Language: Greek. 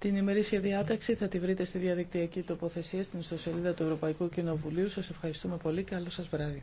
Την ημερήσια διάταξη θα τη βρείτε στη διαδικτυακή τοποθεσία στην ιστοσελίδα του Ευρωπαϊκού Κοινοβουλίου. Σας ευχαριστούμε πολύ. Καλό σας βράδυ.